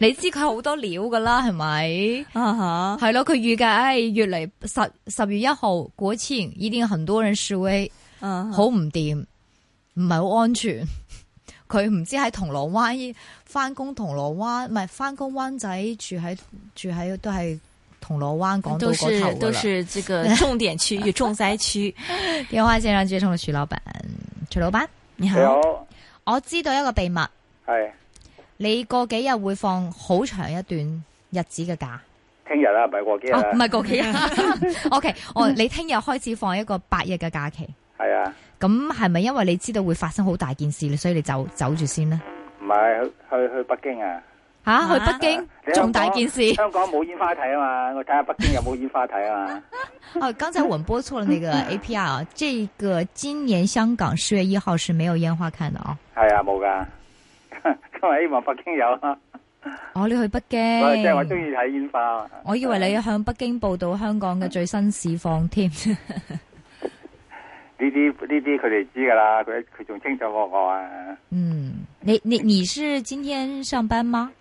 你知佢好多料噶啦，係咪？啊哈、uh，係、huh. 咯。佢預計越嚟，十十月一號國慶，一定很多人示威，嗯、uh，好唔掂，唔係好安全。佢 唔知喺銅鑼灣翻工，銅鑼灣唔係翻工，灣仔住喺住喺都係銅鑼灣。港島嗰頭，都是都是這個重點區域、重災區。電話先生接通徐老闆，徐老闆你好，你好，我知道一個秘密。係。你過幾日會放好長一段日子嘅假？聽日啊，唔係過幾日唔係過幾日？OK，哦，你聽日開始放一個八日嘅假期。係啊。咁係咪因為你知道會發生好大件事，你所以你走走住先呢？唔係去去北京啊！吓、啊，啊、去北京，重、啊、大件事。香港冇煙花睇啊嘛，我睇下北京有冇煙花睇啊嘛。哦、 啊，剛才雲播錯咗呢個 A P R，即係呢個今年香港十月一號是沒有煙花看的哦，係啊，冇噶。我希望北京有啦。哦，你去北京。我即係話中意睇煙花。我以為你向北京報道香港嘅最新市況添。呢啲呢啲佢哋知噶啦，佢佢仲清楚過我啊。嗯，你你你是今天上班嗎？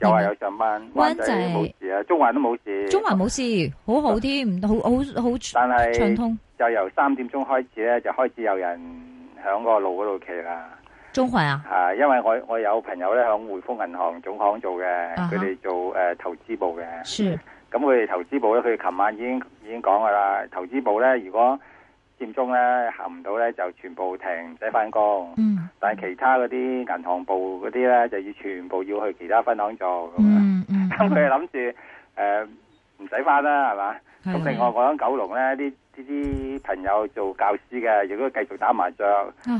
又係有上班，灣仔冇事啊，中環都冇事。中環冇事，好好添，好好好，但係暢通。就由三點鐘開始咧，就開始有人響個路度騎啦。中環啊！啊，因為我我有朋友咧，響匯豐銀行總行做嘅，佢哋做誒投資部嘅。是。咁佢哋投資部咧，佢哋琴晚已經已經講噶啦，投資部咧如果佔中咧行唔到咧，就全部停，唔使翻工。嗯。但係其他嗰啲銀行部嗰啲咧，就要全部要去其他分行做。嗯嗯。咁佢哋諗住誒唔使翻啦，係嘛？咁另外講緊九龍咧啲。啲朋友做教師嘅，如果繼續打麻將，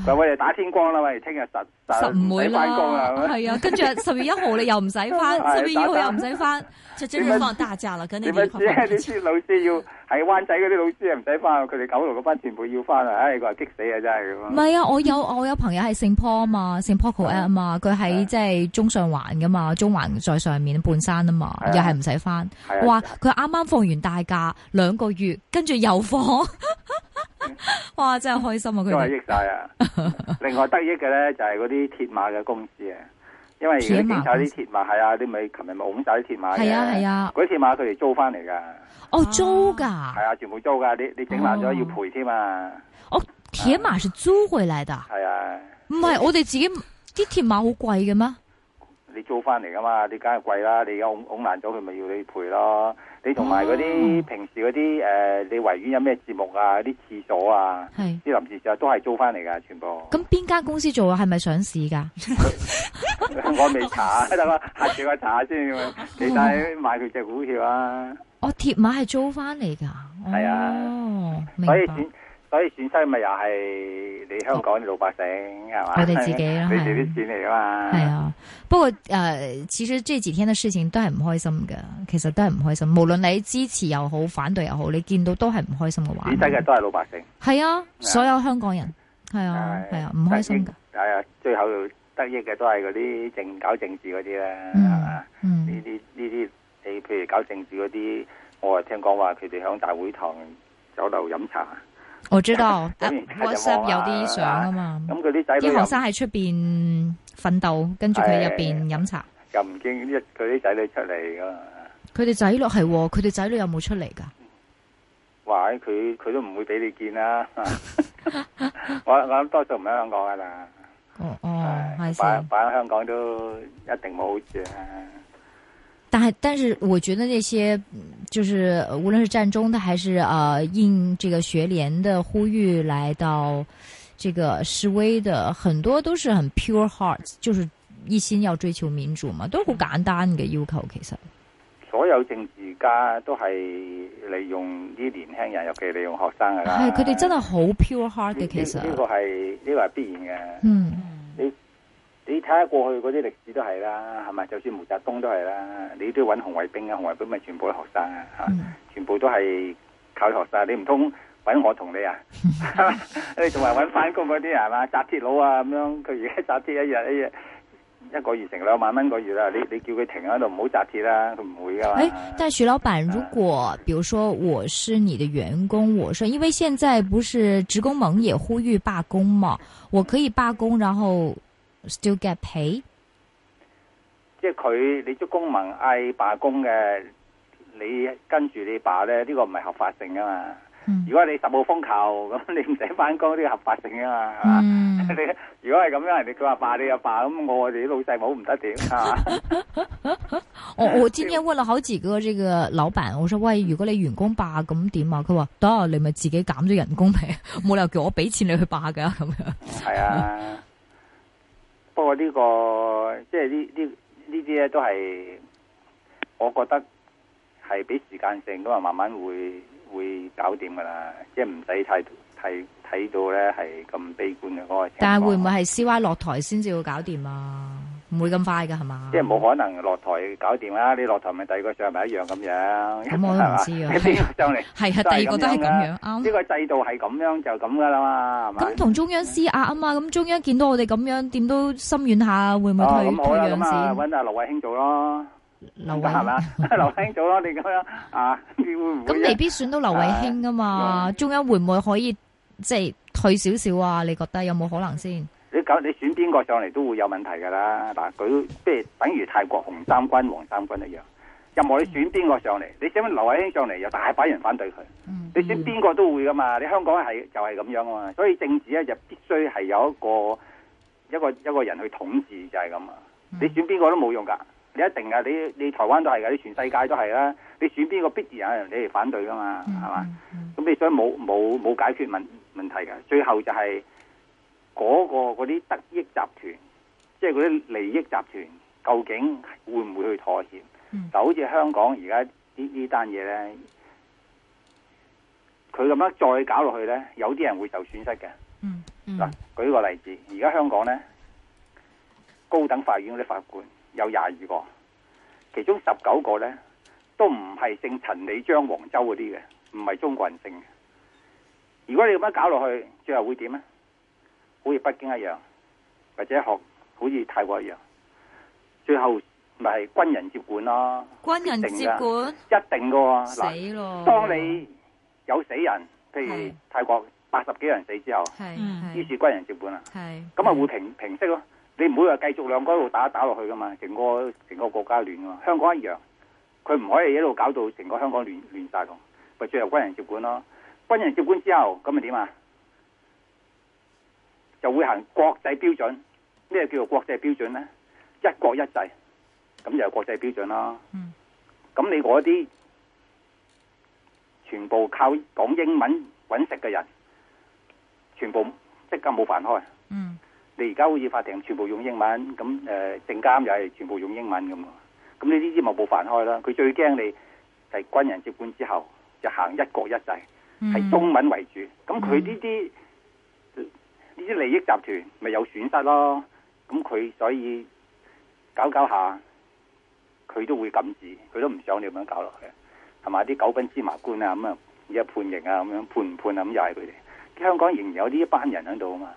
咪喂打天光啦喂！聽日十十唔使返工啊！係啊，跟住十月一號你又唔使返，十月二號又唔使返，就準備放大假啦！咁你啲，點解啲老師要喺灣仔嗰啲老師又唔使返？佢哋九龍嘅班全部要返啊！唉，佢話激死啊！真係唔係啊，我有我有朋友係盛波啊嘛，盛 Poker App 啊嘛，佢喺即係中上環嘅嘛，中環在上面半山啊嘛，又係唔使返。話佢啱啱放完大假兩個月，跟住又放。哇，真係開心啊！佢都係益晒啊，另外得益嘅咧就係嗰啲鐵馬嘅公司啊，因為而家跌晒啲鐵馬，係啊，你咪琴日咪拱晒啲鐵馬嘅，係啊係啊，嗰啲鐵馬佢哋租翻嚟噶。哦租噶，係啊，全部租噶，你你整爛咗要賠添啊！哦，鐵馬係租回嚟噶，係啊，唔係我哋自己啲鐵馬好貴嘅咩？你租翻嚟噶嘛，你梗係貴啦，你而家拱拱爛咗，佢咪要你賠咯。你同埋嗰啲平時嗰啲誒，你維園有咩節目啊？啲廁所啊，啲臨時啊都係租翻嚟噶，全部。咁邊間公司做啊？係咪上市㗎？ 我未查，等我 下次我查下先。你睇買佢隻股票啊？我鐵馬係租翻嚟㗎。係啊。哦，明白。所以損失咪又係你香港啲老百姓係嘛？我哋自己啦，係你哋啲錢嚟噶嘛？係啊，不過誒、呃，其實這幾天嘅事情都係唔開心嘅，其實都係唔開心。無論你支持又好，反對又好，你見到都係唔開心嘅話，損失嘅都係老百姓。係啊，啊所有香港人係啊，係啊，唔、啊啊啊、開心嘅。係啊，最後得益嘅都係嗰啲政搞政治嗰啲啦，係嘛、嗯？呢啲呢啲，你譬、嗯、如搞政治嗰啲，我聽講話佢哋喺大會堂酒樓飲茶。我知道、嗯、，WhatsApp 有啲相啊嘛，咁佢啲仔啲學生喺出邊奮鬥，跟住佢入邊飲茶，又唔見佢啲仔女出嚟噶。佢哋仔女係，佢哋仔女有冇出嚟噶？話佢佢都唔會俾你見啦。 我諗多數唔喺香港噶啦，哦，係、哎，擺喺、哦、香港都一定冇好處、啊但係，但是我覺得那些，就是無論是佔中的，還是啊、呃、應這個學聯的呼籲來到這個示威的，很多都是很 pure heart，就是一心要追求民主嘛，都好簡單嘅要求，其實。所有政治家都係利用啲年輕人，尤其利用學生噶係，佢哋、哎、真係好 pure heart 嘅其實。呢、這個係呢、這個係必然嘅。嗯。你睇下過去嗰啲歷史都係啦，係咪？就算毛澤東都係啦，你都要揾紅衛兵啊！紅衛兵咪全部都學生啊，嚇、嗯！全部都係靠學生。你唔通揾我同你啊？ 你同埋揾返工嗰啲人啊？嘛，紮鐵佬啊咁樣。佢而家紮鐵一日一日，一日一個月成兩萬蚊個月啦。你你叫佢停喺度唔好紮鐵啦，佢唔會噶。誒、哎，但係徐老闆，如果， 比如說我是你的員工，我說，因為現在不是職工盟也呼籲罷工嘛，我可以罷工，然後。still get pay？即係佢你做公民嗌罷工嘅，你跟住你罷咧，呢、這個唔係合法性噶嘛？嗯、如果你十號風球，咁你唔使翻工，呢個合法性噶嘛？係嘛、嗯？ 如果係咁樣，人哋佢話罷，你又罷，咁我哋老細冇唔得掂啊？我我今天問了好幾個這個老闆，我說喂，如果你員工罷咁點啊？佢話得，你咪自己減咗人工咪？冇理由叫我俾錢你去罷噶咁樣。係啊。 不過呢個即係呢呢呢啲咧都係，我覺得係俾時間性都係慢慢會會搞掂噶啦，即係唔使太太睇到咧係咁悲觀嘅嗰個情況。但係會唔會係 CY 落台先至會搞掂啊？唔會咁快㗎係嘛？即係冇可能落台搞掂啦！你落台咪第二個上咪一樣咁樣，係嘛？咁我都唔知喎。係啊，第二個都係咁樣。呢個制度係咁樣就咁噶啦嘛，係嘛？咁同中央施壓啊嘛！咁中央見到我哋咁樣，點都心軟下，會唔會退退兩線？咁啊，揾阿劉偉興做咯，劉興係嘛？劉興做咯，你咁樣啊？你會唔會咁未必選到劉偉興啊嘛？中央會唔會可以即係退少少啊？你覺得有冇可能先？你搞你選邊個上嚟都會有問題噶啦，嗱，佢即係等於泰國紅衫軍、黃衫軍一樣，任何你選邊個上嚟，你想劉慧卿上嚟，有大把人反對佢。你選邊個都會噶嘛，你香港係就係、是、咁樣啊嘛，所以政治咧就必須係有一個一個一個人去統治就係咁啊。嗯、你選邊個都冇用噶，你一定噶，你你台灣都係噶，你全世界都係啦。你選邊個必然有人你嚟反對噶嘛，係嘛、嗯？咁、嗯、你所以冇冇冇解決問問題噶，最後就係、是。嗰個嗰啲得益集團，即係嗰啲利益集團，究竟會唔會去妥協？就好似香港而家呢呢單嘢咧，佢咁樣再搞落去咧，有啲人會受損失嘅。嗱、嗯嗯，舉個例子，而家香港咧，高等法院嗰啲法官有廿二個，其中十九個咧都唔係姓陳李、李、張、黃、周嗰啲嘅，唔係中國人姓嘅。如果你咁樣搞落去，最後會點呢？好似北京一樣，或者學好似泰國一樣，最後咪係軍人接管咯。軍人接管一定嘅，一定嘅喎，嗱了，當你有死人，是譬如泰國八十幾人死之後，是於是軍人接管啦。係是，咁咪會平平是息咯。你唔會話繼續兩個喺度打打落去嘅嘛？成個成個國家亂嘅嘛？香港一樣，佢唔可以一路搞到成個香港亂亂曬嘅，咪最後軍人接管咯。軍人接管之後，咁咪點啊？就會行國際標準，咩叫做國際標準咧？一國一制，咁就國際標準啦。咁、嗯、你嗰啲全部靠講英文揾食嘅人，全部即刻冇飯開。嗯、你而家好似法庭全部用英文，咁誒證監又係全部用英文咁，咁你呢啲咪冇飯開啦？佢最驚你係軍人接管之後就行一國一制，係、嗯、中文為主。咁佢呢啲。嗯嗯呢啲利益集團咪有損失咯，咁佢所以搞搞下，佢都會禁止，佢都唔想你咁搞落去，同埋啲九品芝麻官啊咁啊，而家判刑啊咁樣判唔判啊咁又係佢哋。香港仍然有呢一班人喺度啊嘛，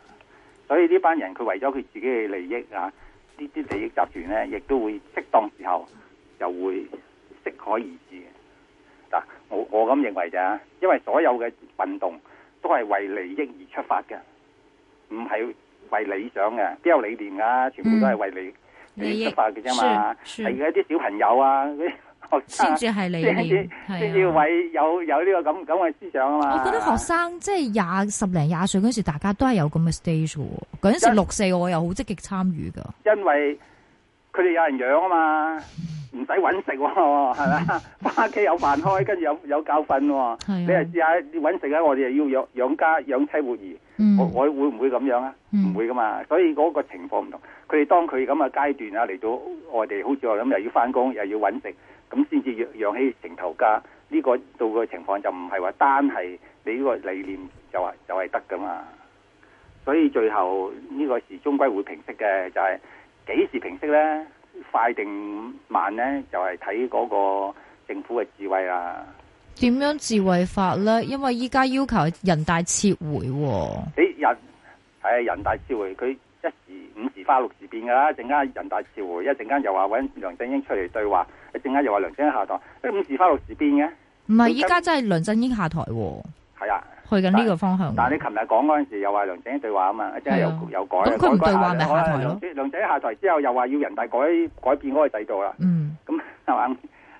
所以呢班人佢為咗佢自己嘅利益啊，呢啲利益集團咧，亦都會適當時候就會適可而止嗱，我我咁認為咋，因為所有嘅運動都係為利益而出發嘅。唔係為理想嘅，邊有理念噶？全部都係為你出發嘅啫嘛，係一啲小朋友啊，啲學生，先至係理念，先至是、啊、為有有呢、這個咁咁嘅思想啊嘛。我覺得學生即係廿十零廿歲嗰時候，大家都係有咁嘅 stage 嘅。嗰陣時候六四，我又好積極參與噶。因為。佢哋有人養啊嘛，唔使揾食喎、啊，係咪？翻屋企有飯開，跟住有有教訓喎、啊。 你係試下揾食啊！我哋又要養養家養妻活兒。嗯、我我會唔會咁樣啊？唔、嗯、會噶嘛。所以嗰個情況唔同。佢哋當佢咁嘅階段啊，嚟到外地好似我咁又要翻工，又要揾食，咁先至養起成頭家。呢、這個到個情況就唔係話單係你呢個理念就係、是、就係得噶嘛。所以最後呢、這個事終歸會平息嘅，就係、是。幾時平息咧？快定慢咧？就係睇嗰個政府嘅智慧啦。點樣智慧法咧？因為依家要求人大撤回、哦。誒人係啊，人大撤回，佢一時五時花六時變噶啦。一陣間人大撤回，一陣間又話揾梁振英出嚟對話，一陣間又話梁振英下台。誒，五時花六時變嘅。唔係，依家真係梁振英下台。係啊。去緊呢個方向，但係你琴日講嗰陣時又話梁振英對話啊嘛，即係的又又改，改唔對話下台，下台梁振梁仔下台之後又話要人大改改變嗰個制度啦，咁係嘛？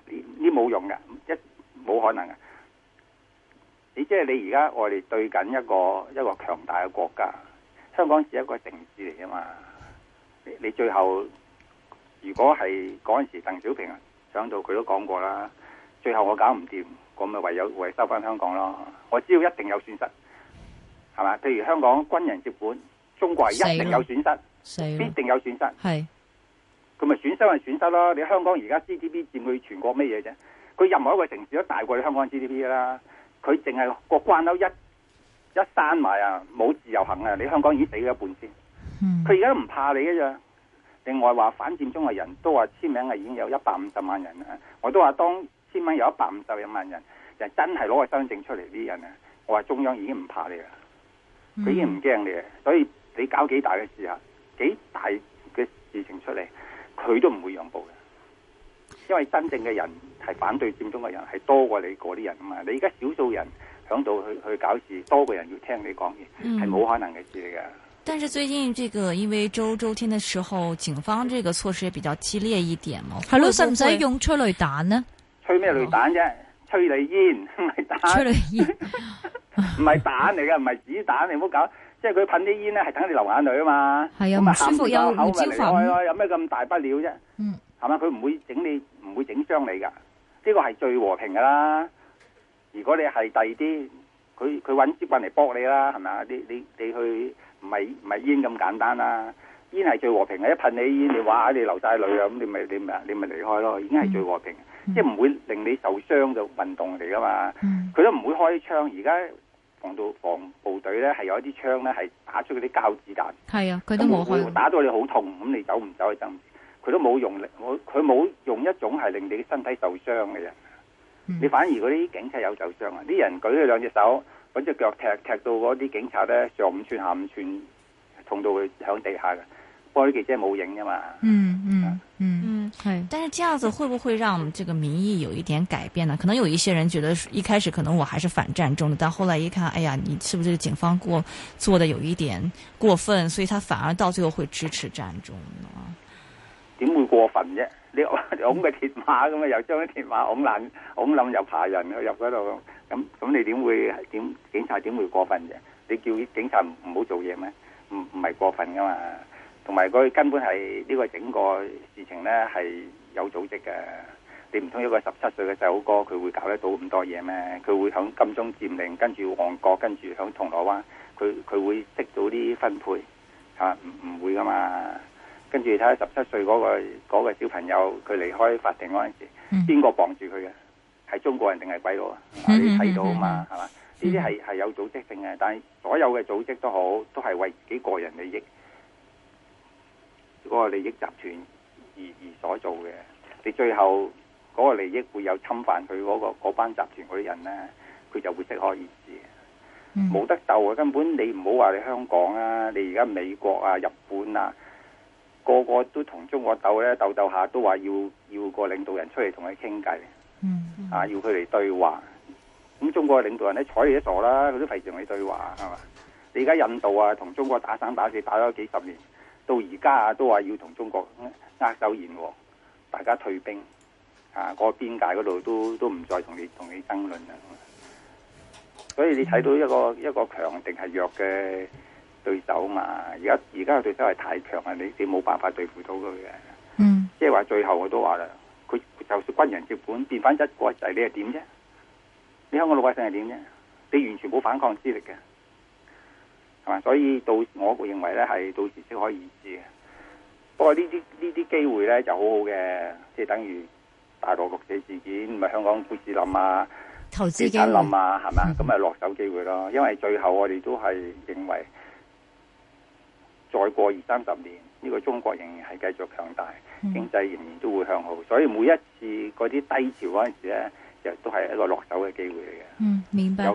呢冇用嘅，一冇可能嘅。你即係你而家我哋對緊一個一個強大嘅國家，香港是一個城市嚟，啊嘛你。你最後如果係嗰陣時鄧小平啊，想到佢都講過啦，最後我搞唔掂。咁咪唯有回收翻香港咯！我知道一定有損失，係嘛？譬如香港軍人接管中國，一定有損失，了必定有損失。係佢咪損失係損失咯？你香港而家 GDP 佔佢全國咩嘢啫？佢任何一個城市都大過你香港 GDP 啦。佢淨係個關口一一閂埋啊，冇自由行啊！你香港已經死咗一半先，佢而家都唔怕你嘅咋？另外話反佔中嘅人都話簽名係已經有一百五十萬人啊！我都話當。千蚊有一百五十一萬人，人真係攞個身份證出嚟啲人啊！我話中央已經唔怕你啦，佢已經唔驚你，所以你搞幾大嘅事啊，幾大嘅事情出嚟，佢都唔會讓步嘅。因為真正嘅人係反對佔中嘅人係多過你嗰啲人啊嘛！你而家少數人響度去去搞事，多個人要聽你講嘢，係冇可能嘅事嚟㗎。但是最近這個因為周周天的時候，警方這個措施也比較激烈一點嘛，係咯，使唔使用催淚彈呢？嗯吹咩雷彈啫？吹你煙，唔係彈，吹你煙，唔係彈嚟噶，唔係子彈，你唔好搞。即係佢噴啲煙咧，係等你流眼淚啊嘛。係啊，唔舒服又口唔開咯，有咩咁大不了啫？嗯，係咪？佢唔會整你，唔會整傷你噶。呢個係最和平噶啦。如果你係第二啲，佢佢揾支棍嚟搏你啦，係咪啊？你你你去唔係唔係煙咁簡單啦。煙係最和平嘅，一噴你煙，你話你流曬淚啊，咁的你咪你咪你咪離開咯。已經係最和平嘅，嗯、即係唔會令你受傷嘅運動嚟噶嘛。佢、嗯、都唔會開槍。而家防到防部隊咧，係有一啲槍咧，係打出嗰啲膠子彈。係啊，佢都冇開，打到你好痛，咁你走唔走去陣時？佢都冇用力，我佢冇用一種係令你的身體受傷嘅人。嗯、你反而嗰啲警察有受傷啊！啲人舉咗兩隻手，揾隻腳踢踢到嗰啲警察咧上五吋下五吋，痛到佢響地下嘅。嗰啲記者冇影啫嘛，嗯嗯吧嗯嗯係，是但是這樣子會不會讓這個民意有一點改變呢？可能有一些人覺得一開始可能我還是反佔中的，但後來一看，哎呀，你是不是警方過做得有一點過分，所以他反而到最後會支持佔中。啊？點會過分啫？你拱個鐵馬咁啊，又將啲鐵馬拱爛，拱冧又爬人去入嗰度，咁咁你點會？點警察點會過分啫？你叫警察唔唔好做嘢咩？唔唔係過分噶嘛？同埋佢根本係呢個整個事情呢係有組織嘅，你唔通一個十七歲嘅細佬哥佢會搞得到咁多嘢咩？佢會響金鐘佔領，跟住旺角，跟住響銅鑼灣，佢佢會識到啲分配嚇，唔唔會噶嘛？跟住睇下十七歲嗰個嗰個小朋友，佢離開法庭嗰陣時，邊個、嗯、綁住佢嘅？係中國人定係鬼佬？嗯、你睇到啊嘛，係嘛、嗯？呢啲係係有組織性嘅，但係所有嘅組織都好，都係為自己個人利益。嗰個利益集團而而所做嘅，你最後嗰個利益會有侵犯佢嗰、嗰個、班集團嗰啲人呢，佢就會適可而止，冇得、嗯、鬥嘅。根本你唔好話你香港啊，你而家美國啊、日本啊，個個都同中國鬥咧，鬥鬥下都話要要個領導人出嚟同佢傾偈，嗯、啊要佢嚟對話。咁中國嘅領導人咧睬你都傻啦，佢都費事同你對話係嘛？你而家印度啊，同中國打生打死打咗幾十年。到而家啊，都話要同中國握手言和，大家退兵啊，個邊界嗰度都都唔再同你同你爭論啦。所以你睇到一個一個強定係弱嘅對手嘛？而家而家嘅對手係太強啊，你你冇辦法對付到佢嘅。嗯，即係話最後我都話啦，佢就算軍人接管，變返一國一制，你係點啫？你香港老百姓係點啫？你完全冇反抗之力嘅。所以到我我認為呢係到時先可以預知嘅。不過呢啲呢啲機會咧，就好好嘅，即係等於大陸六四事件，咪香港股市冧啊，投地產冧啊，係嘛？咁咪落手機會咯。因為最後我哋都係認為，再過二三十年，呢個中國仍然係繼續強大，嗯、經濟仍然都會向好，所以每一次嗰啲低潮嗰陣時咧，就都係一個落手嘅機會嚟嘅。嗯，明白。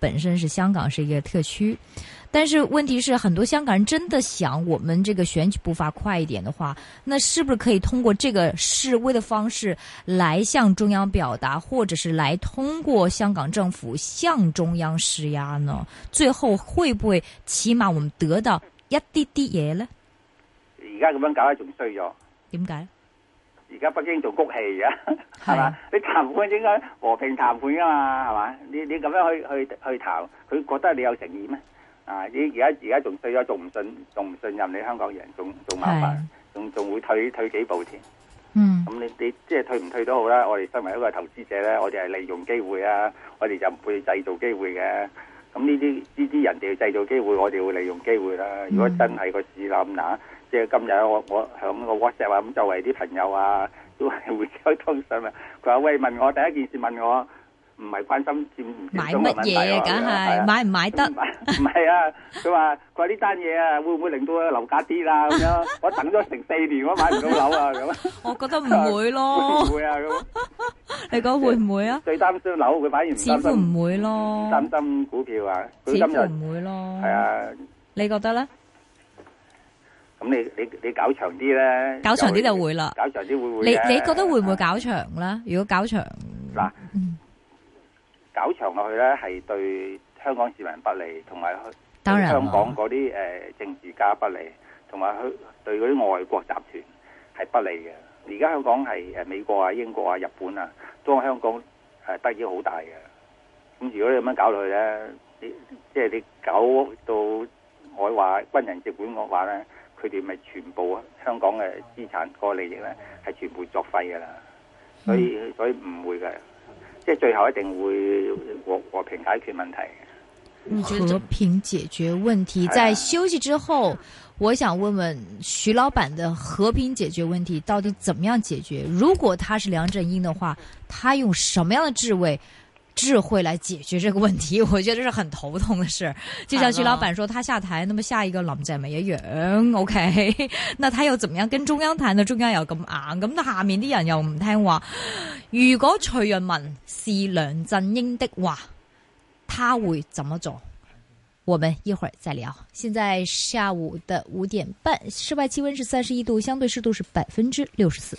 本身是香港是一個特區，但是問題是很多香港人真的想我們這個選舉步伐快一點的話，那是不是可以通過這個示威的方式來向中央表達，或者是來通過香港政府向中央施壓呢？最後會不會起碼我們得到一啲啲嘢呢？而家咁樣搞咧，仲衰咗。點解？而家北京做谷氣啊，係嘛吧？你談判應該和平談判噶嘛，係嘛？你你咁樣去去去談，佢覺得你有誠意咩？啊！而而家而家仲衰咗，仲唔信，仲唔信任你香港人，仲仲麻煩，仲仲是會退退幾步添。嗯。咁你你即係退唔退都好啦。我哋身為一個投資者咧，我哋係利用機會啊，我哋就唔會製造機會嘅。咁呢啲呢啲人哋製造機會，我哋會利用機會啦。如果真係個市冧，嗱，即係今日我我響個 WhatsApp 啊，咁作為啲朋友啊，都係互相通訊啊。佢話喂，問我，第一件事問我。唔係關心佔中嘅問題啊！買乜嘢啊？梗係買唔買得？唔係啊！佢話佢話呢單嘢啊，會唔會令到樓價跌啊咁樣？我等咗成四年，我買唔到樓啊咁。我覺得唔會咯。唔會啊！你講會唔會啊？最擔心樓，佢買完唔擔心。會唔會咯？擔心股票啊？會唔會唔會咯？係啊！你覺得咧？咁你你你搞長啲咧？搞長啲就會啦。搞長啲會唔會？你你覺得會唔會搞長咧？如果搞長嗱？搞長落去咧，係對香港市民不利，同埋香港嗰啲誒政治家不利，同埋去對嗰啲外國集團係不利嘅。而家香港係誒美國啊、英國啊、日本啊，都香港係得益好大嘅。咁如果你咁樣搞落去咧，即係、就是、你搞到我話軍人接管嘅話咧，佢哋咪全部香港嘅資產、個利益咧係全部作廢噶啦，所以所以唔會嘅。最後一定會和和平解決問題。和平解決問題，在休息之後，的我想問問徐老闆的和平解決問題到底怎麼樣解決？如果他是梁振英的話，他用什麼樣的智慧？智慧來解決這個問題，我覺得這是很頭疼的事。就像徐老闆說，他下台，那麼下一個林鄭月娥一樣 OK，那他又怎麼樣跟中央談呢？呢中央又咁硬，咁下面啲人又唔聽話。嗯、如果徐潤民是梁振英的話，他會怎麼做？我們一會兒再聊。現在下午的五點半，室外氣溫是三十一度，相對濕度是百分之六十四。